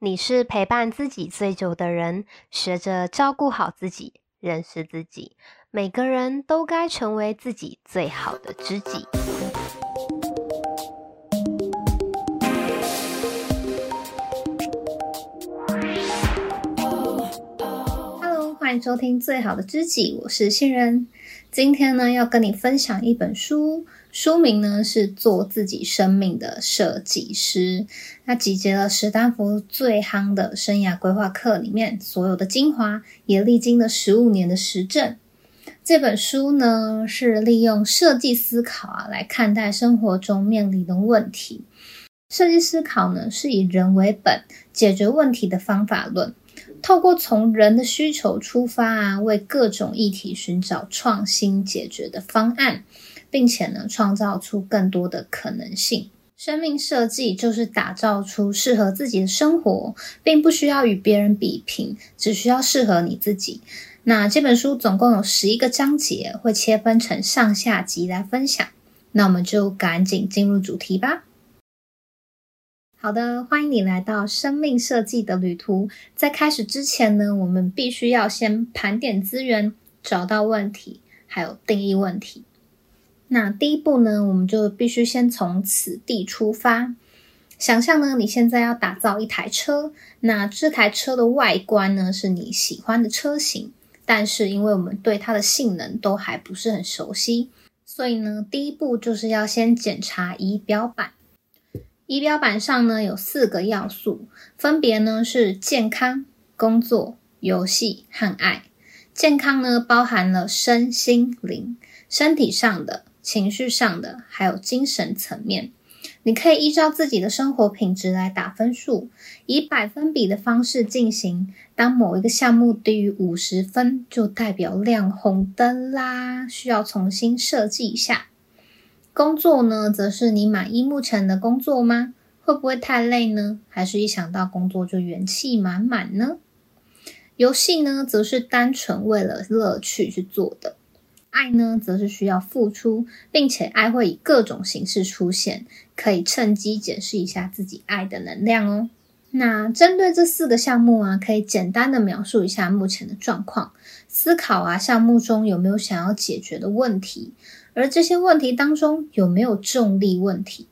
你是陪伴自己最久的人，學着照顧好自己，認識自己，每個人都該成為自己最好的知己。歡迎收聽《最好的知己》，我是杏仁。今天呢，要跟你分享一本書，書名呢是《做自己生命的設計師》。它集結了史丹福最夯的生涯規劃課裡面所有的精華，也歷經了十五年的實證。這本書呢，是利用設計思考啊來看待生活中面臨的問題。設計思考呢，是以人為本，解決問題的方法論。透過從人的需求出發啊，為各種議題尋找創新解決的方案，並且呢，創造出更多的可能性。生命設計就是打造出適合自己的生活，並不需要與別人比拼，只需要適合你自己。那這本書總共有十一個章節，會切分成上下集來分享。那我們就趕緊進入主題吧。好的，歡迎你來到生命設計的旅途。在開始之前呢，我們必須要先盤點資源，找到問題，還有定義問題。那第一步呢，我們就必須先從此地出發。想象呢，你現在要打造一台車，那這台車的外觀呢，是你喜歡的車型，但是因為我們對它的性能都還不是很熟悉，所以呢，第一步就是要先檢查儀表板。儀表板上呢，有四個要素，分別呢是健康、工作、遊戲和愛。健康呢包含了身心靈、身體上的、情緒上的，還有精神層面。你可以依照自己的生活品質來打分數，以百分比的方式進行。當某一個項目低於五十分，就代表亮紅燈啦，需要重新設計一下。工作呢，則是你滿意目前的工作嗎？會不會太累呢？還是一想到工作就元氣滿滿呢？遊戲呢，則是單純為了樂趣去做的。愛呢，則是需要付出，並且愛會以各種形式出現。可以趁機檢視一下自己愛的能量哦。那針對這四個項目啊，可以簡單的描述一下目前的狀況，思考啊項目中有沒有想要解決的問題。而這些問題當中有沒有重力問題？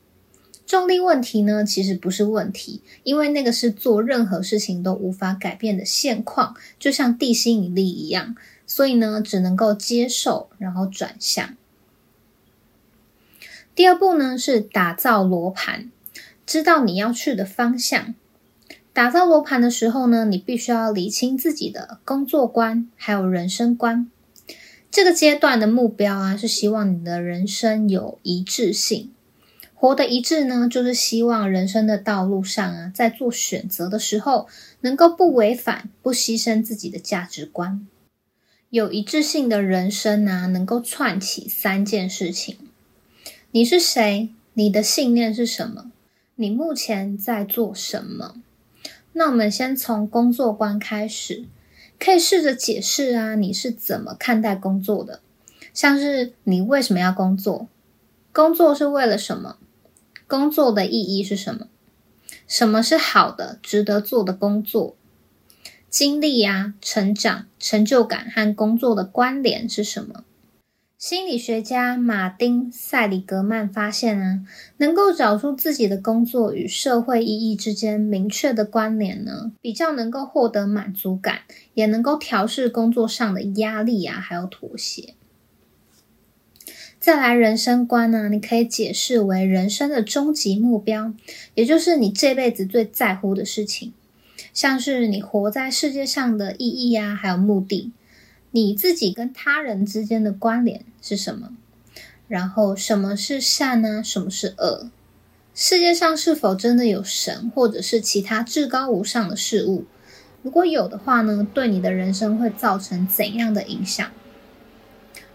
重力問題呢，其實不是問題，因為那個是做任何事情都無法改變的現況，就像地心引力一樣。所以呢，只能夠接受，然後轉向。第二步呢，是打造羅盤，知道你要去的方向。打造羅盤的時候呢，你必須要理清自己的工作觀，還有人生觀。這個階段的目標啊，是希望你的人生有一致性，活得一致呢，就是希望人生的道路上啊，在做選擇的時候能夠不違反、不犧牲自己的價值觀。有一致性的人生啊，能夠串起三件事情：你是誰？你的信念是什麼？你目前在做什麼？那我們先從工作觀開始。可以試着解釋啊，你是怎麼看待工作的？像是你為什麼要工作？工作是為了什麼？工作的意義是什麼？什麼是好的、值得做的工作？經歷呀、成長、成就感和工作的關聯是什麼？心理學家馬丁·塞里格曼發現呢、啊，能夠找出自己的工作與社會意義之間明確的關聯呢，比較能夠獲得滿足感，也能夠調適工作上的壓力呀、啊，還有妥協。再來，人生觀呢，你可以解釋為人生的終極目標，也就是你這輩子最在乎的事情，像是你活在世界上的意義呀、啊，還有目的。你自己跟他人之間的關聯是什麼？然後什麼是善呢、啊？什麼是惡？世界上是否真的有神，或者是其他至高無上的事物？如果有的話呢，對你的人生會造成怎樣的影響？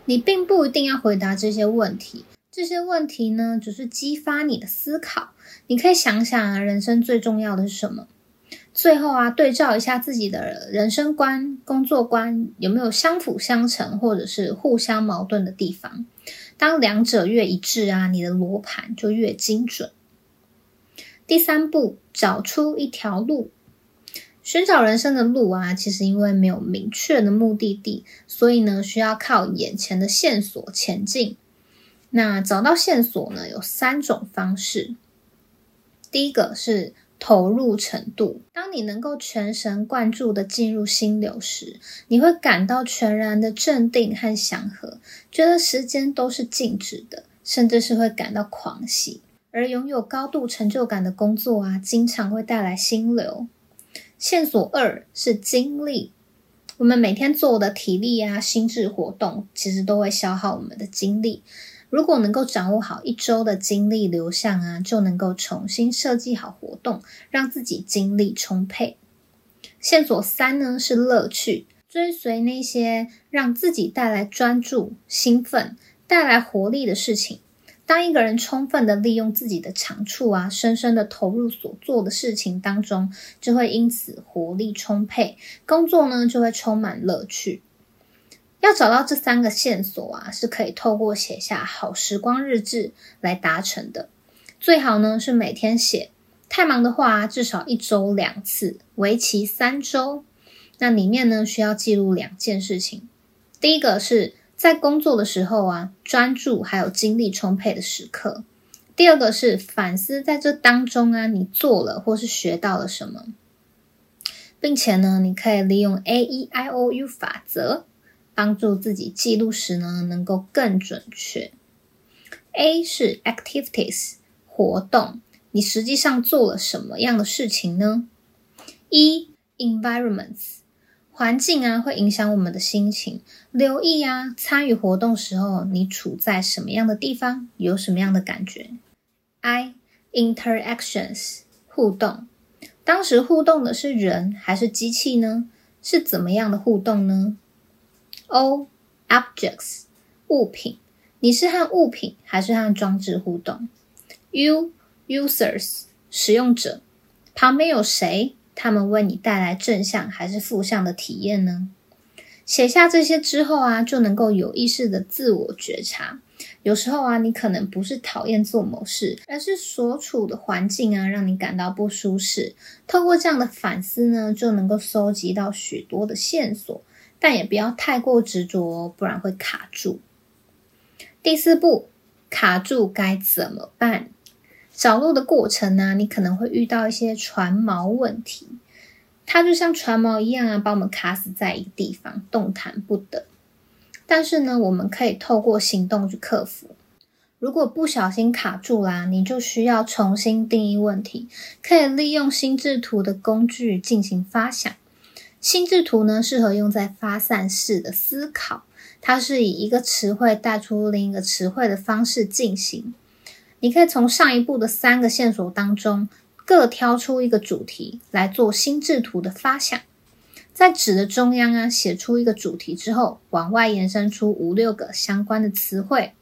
你並不一定要回答這些問題，這些問題呢，只、就是激發你的思考。你可以想想啊，人生最重要的是什麼？最後啊，對照一下自己的人生觀、工作觀，有沒有相輔相成，或者是互相矛盾的地方？當兩者越一致啊，你的羅盤就越精準。第三步，找出一條路，尋找人生的路啊，其實因為沒有明確的目的地，所以呢，需要靠眼前的線索前進。那找到線索呢，有三種方式，第一個是。投入程度，當你能夠全神貫注的進入心流時，你會感到全然的鎮定和祥和，覺得時間都是靜止的，甚至是會感到狂喜。而擁有高度成就感的工作啊，經常會帶來心流。線索二是精力，我們每天做的體力啊、心智活動，其實都會消耗我們的精力。如果能夠掌握好一周的精力流向啊，就能夠重新設計好活動，讓自己精力充沛。線索三呢，是樂趣，追隨那些讓自己帶來專注、興奮、帶來活力的事情。當一個人充分的利用自己的長處啊，深深的投入所做的事情當中，就會因此活力充沛，工作呢就會充滿樂趣。要找到這三個線索啊，是可以透過寫下好時光日誌來達成的。最好呢是每天寫，太忙的話至少一周兩次，為期三周。那裡面呢需要記錄兩件事情：第一個是在工作的時候啊，專注還有精力充沛的時刻；第二個是反思在這當中啊，你做了或是學到了什麼。並且呢，你可以利用 AEIOU 法則。幫助自己記錄時呢，能夠更準確。A 是 activities 活動，你實際上做了什麼樣的事情呢？E，environments 環境啊，會影響我們的心情。留意啊，參與活動時候，你處在什麼樣的地方，有什麼樣的感覺？I interactions 互動，當時互動的是人還是機器呢？是怎麼樣的互動呢？O objects 物品，你是和物品還是和裝置互動？U users 使用者，旁邊有誰？他們為你帶來正向還是負向的體驗呢？寫下這些之後啊，就能夠有意識的自我覺察。有時候啊，你可能不是討厭做某事，而是所處的環境啊讓你感到不舒適。透過這樣的反思呢，就能夠搜集到許多的線索。但也不要太過執着，不然會卡住。第四步，卡住該怎麼辦？找路的過程呢、啊，你可能會遇到一些船錨問題，它就像船錨一樣啊，把我們卡死在一個地方，動彈不得。但是呢，我們可以透過行動去克服。如果不小心卡住啦、啊，你就需要重新定義問題，可以利用心智圖的工具進行發想。心智圖呢，適合用在發散式的思考，它是以一個詞彙帶出另一個詞彙的方式進行。你可以從上一步的三個線索當中，各挑出一個主題來做心智圖的發想，在紙的中央啊，寫出一個主題之後，往外延伸出五六個相關的詞彙。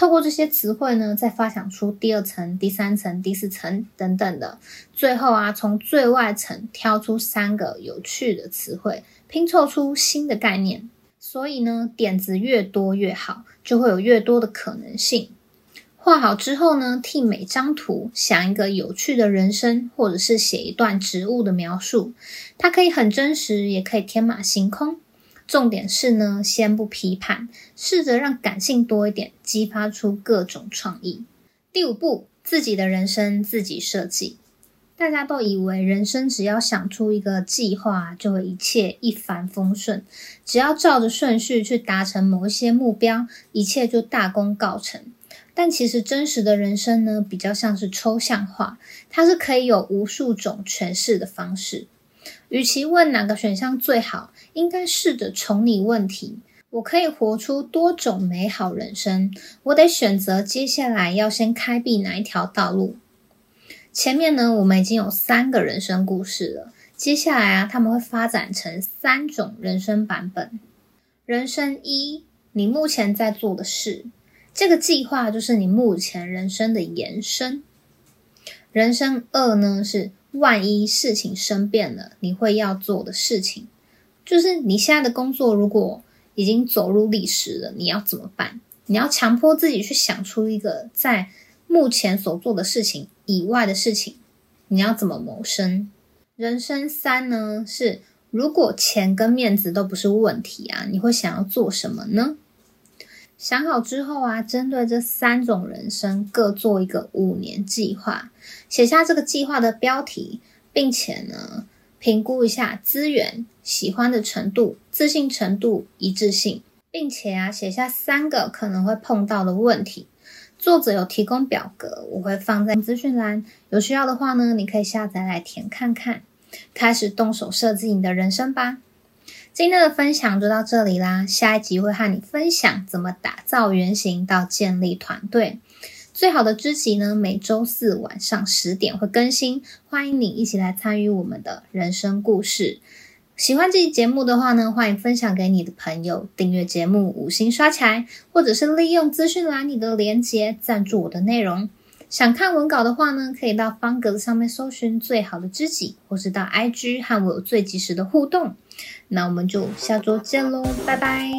透過這些詞彙呢，再發想出第二層、第三層、第四層等等的，最後啊，從最外層挑出三個有趣的詞彙，拼湊出新的概念。所以呢，點子越多越好，就會有越多的可能性。畫好之後呢，替每張圖想一個有趣的人生，或者是寫一段植物的描述，它可以很真實，也可以天馬行空。重點是呢，先不批判，試着讓感性多一點，激發出各種創意。第五步，自己的人生自己設計。大家都以為人生只要想出一個計劃，就會一切一帆風順。只要照着順序去達成某一些目標，一切就大功告成。但其實真實的人生呢，比較像是抽象畫，它是可以有無數種詮釋的方式。與其問哪個選項最好，應該試着重擬問題。我可以活出多種美好人生，我得選擇接下來要先開闢哪一條道路。前面呢，我們已經有三個人生故事了，接下來啊，他們會發展成三種人生版本。人生一，你目前在做的事，這個計劃就是你目前人生的延伸。人生二呢是。萬一事情生變了，你會要做的事情，就是你現在的工作如果已經走入歷史了，你要怎麼辦？你要強迫自己去想出一個在目前所做的事情以外的事情，你要怎麼謀生？人生三呢，是如果錢跟面子都不是問題啊，你會想要做什麼呢？想好之後啊，針對這三種人生各做一個五年計劃，寫下這個計劃的標題，並且呢評估一下資源、喜歡的程度、自信程度、一致性，並且啊寫下三個可能會碰到的問題。作者有提供表格，我會放在資訊欄，有需要的話呢，你可以下載來填看看。開始動手設計你的人生吧。今天的分享就到這裡啦，下一集會和你分享怎麼打造原型到建立團隊。最好的知己呢，每週四晚上十點會更新，歡迎你一起來參與我們的人生故事。喜歡這期節目的話呢，歡迎分享給你的朋友，訂閱節目五星刷起來，或者是利用資訊欄裡的鏈接贊助我的內容。想看文稿的話呢，可以到方格子上面搜尋“最好的知己”，或是到 IG 和我有最及時的互動。那我們就下周見嘍，拜拜。